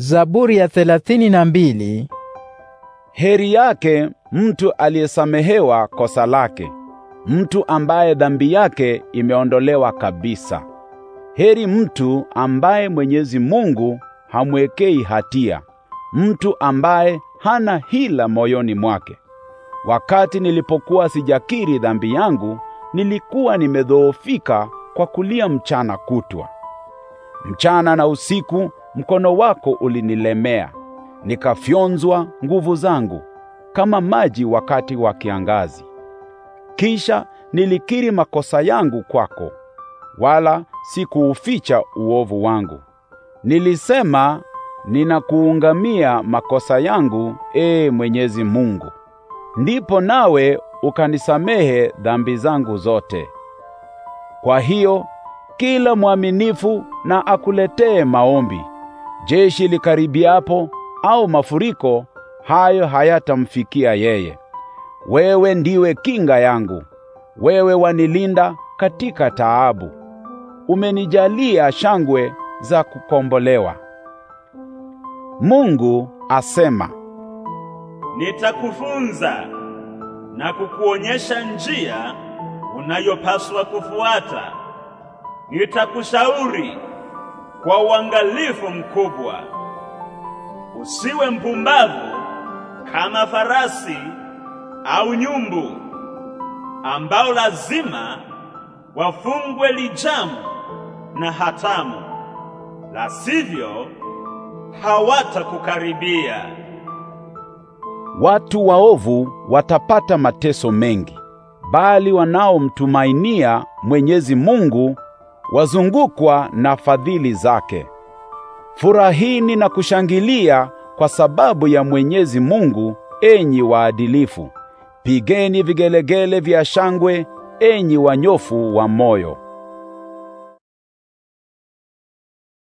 Zaburi ya thelathini na mbili. Heri yake mtu aliyesamehewa kosa lake, mtu ambaye dhambi yake imeondolewa kabisa. Heri mtu ambaye Mwenyezi Mungu hamwekei hatia, mtu ambaye hana hila moyoni mwake. Wakati nilipokuwa sijakiri dhambi yangu, nilikuwa nimedhoofika kwa kulia mchana kutwa. Mchana na usiku mkono wako ulinilemea, nikafyonzwa nguvu zangu kama maji wakati wa kiangazi. Kisha nilikiri makosa yangu kwako, wala sikuuficha uovu wangu. Nilisema, ninakuungamia makosa yangu, ee Mwenyezi Mungu, ndipo nawe ukanisamehe dhambi zangu zote. Kwa hiyo kila mwaminifu na akuletee maombi, jeshi likaribiapo au mafuriko, hayo hayatamfikia yeye. Wewe ndiwe kinga yangu, wewe wanilinda katika taabu, umenijalia shangwe za kukombolewa. Mungu asema, nitakufunza na kukuonyesha njia unayopaswa kufuata, nitakushauri kwa uangalifu mkubwa. Usiwe mpumbavu kama farasi au nyumbu ambao lazima wafungwe lijamu na hatamu, la sivyo hawatakukaribia. Watu waovu watapata mateso mengi, bali wanaomtumainia Mwenyezi Mungu wazungukwa na fadhili zake. Furahini na kushangilia kwa sababu ya Mwenyezi Mungu, enyi waadilifu. Pigeni vigelegele vya shangwe, enyi wanyofu wa moyo.